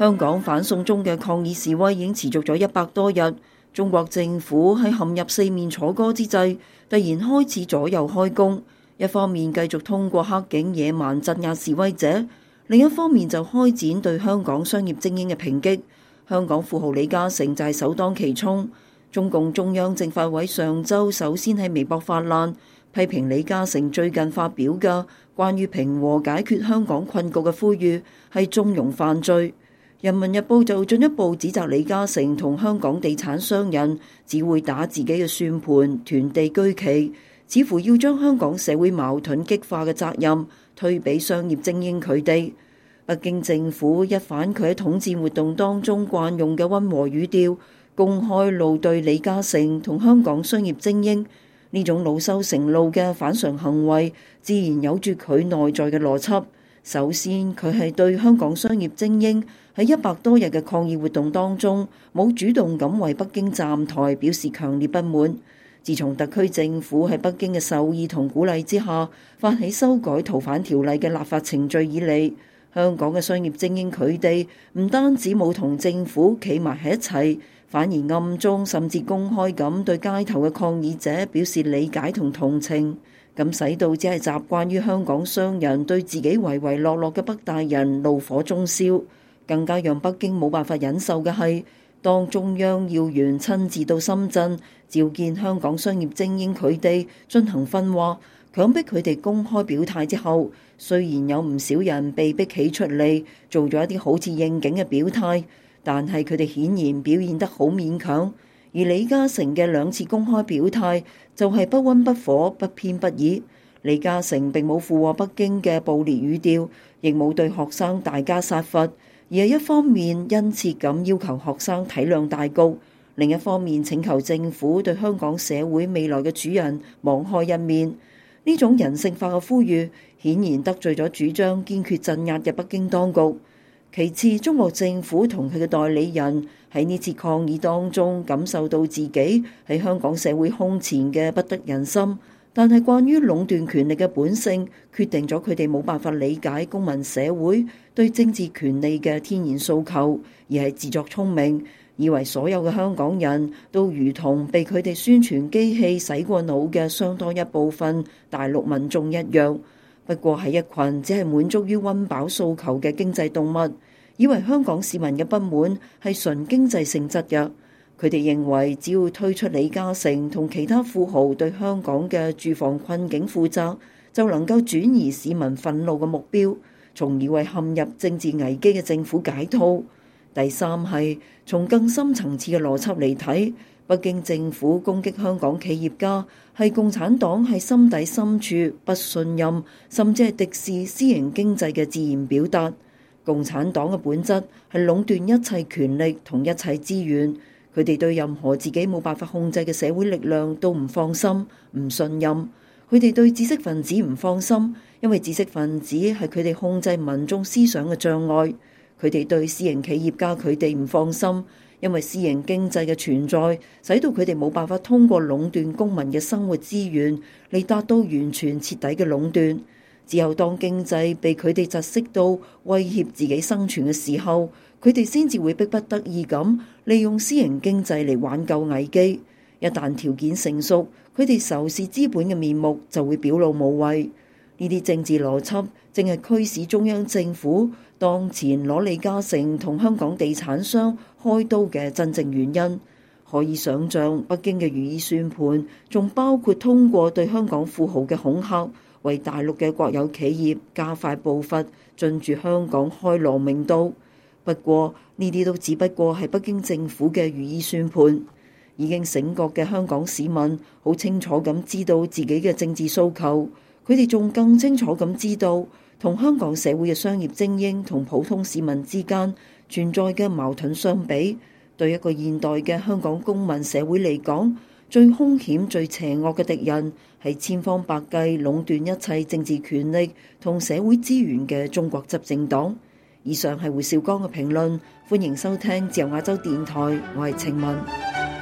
香港反送中嘅抗議示威已經持續咗一百多日，中國政府喺陷入四面楚歌之際，突然開始左右開弓，一方面繼續通過黑警野蠻鎮壓示威者，另一方面就開展對香港商業精英嘅抨擊。香港富豪李嘉誠就係首當其衝。中共中央政法委上周首先喺微博發難，批評李嘉誠最近發表嘅關於平和解決香港困局嘅呼籲係縱容犯罪。《人民日報》就進一步指責李嘉誠同香港地產商人只會打自己嘅算盤，囤地居奇，似乎要將香港社會矛盾激化嘅責任推俾商業精英佢哋。北京政府一反佢喺統戰活動當中慣用嘅溫和語調，公開怒對李嘉誠同香港商業精英呢種老羞成怒嘅反常行為，自然有住佢內在嘅邏輯。首先，佢係對香港商業精英喺一百多日嘅抗議活動當中冇主動咁為北京站台表示強烈不滿。自從特區政府喺北京嘅授意同鼓勵之下，發起修改逃犯條例嘅立法程序以嚟，香港嘅商業精英佢哋唔單止冇同政府企埋喺一齊，反而暗中甚至公開咁對街頭嘅抗議者表示理解同同情。咁使到只係習慣於香港商人對自己唯唯諾諾嘅北大人怒火中燒，更加讓北京冇辦法忍受嘅係，當中央要員親自到深圳召見香港商業精英佢哋進行訓話，強迫佢哋公開表態之後，雖然有唔少人被逼起出嚟做咗一啲好似應景嘅表態，但係佢哋顯然表現得好勉強。而李嘉誠嘅兩次公開表態就係不溫不火、不偏不倚。李嘉誠並冇附和北京嘅暴烈語調，亦冇對學生大加殺伐，而係一方面殷切咁要求學生體諒大局，另一方面請求政府對香港社會未來嘅主人網開一面。呢種人性化嘅呼籲顯然得罪咗主張堅決鎮壓嘅北京當局。其次，中國政府同佢嘅代理人。喺呢次抗議當中，感受到自己喺香港社會空前嘅不得人心，但係關於壟斷權力嘅本性，決定咗佢哋冇辦法理解公民社會對政治權利嘅天然訴求，而係自作聰明，以為所有嘅香港人都如同被佢哋宣傳機器洗過腦嘅相當一部分大陸民眾一樣，不過係一群只係滿足於温飽訴求嘅經濟動物。以為香港市民嘅不滿係純經濟性質嘅，佢哋認為只要推出李嘉誠同其他富豪對香港嘅住房困境負責，就能夠轉移市民憤怒嘅目標，從而為陷入政治危機嘅政府解套。第三係從更深層次嘅邏輯嚟睇，北京政府攻擊香港企業家，係共產黨喺心底深處不信任，甚至係敵視私營經濟嘅自然表達。共產黨嘅本質係壟斷一切權力同一切資源，佢哋對任何自己冇辦法控制嘅社會力量都唔放心、唔信任。佢哋對知識分子唔放心，因為知識分子係佢哋控制民眾思想嘅障礙。佢哋對私營企業家佢哋唔放心，因為私營經濟嘅存在，使到佢哋冇辦法通過壟斷公民嘅生活資源嚟達到完全徹底嘅壟斷。只有當經濟被佢哋窒息到威脅自己生存嘅時候，佢哋先至會迫不得已咁利用私營經濟嚟挽救危機。一旦條件成熟，佢哋仇視資本嘅面目就會表露無遺。呢啲政治邏輯正係驅使中央政府當前攞李嘉誠同香港地產商開刀嘅真正原因。可以想象，北京嘅如意算盤仲包括通過對香港富豪嘅恐吓。為大陸嘅國有企業加快步伐進駐香港開羅命都。不過呢啲都只不過係北京政府嘅如意算盤。已經醒覺嘅香港市民好清楚咁知道自己嘅政治訴求，佢哋仲更清楚咁知道同香港社會嘅商業精英同普通市民之間存在嘅矛盾相比，對一個現代嘅香港公民社會嚟講。最凶險、最邪惡嘅敵人係千方百計壟斷一切政治權力同社會資源嘅中國執政黨。以上係胡少江嘅評論，歡迎收聽自由亞洲電台，我係程文。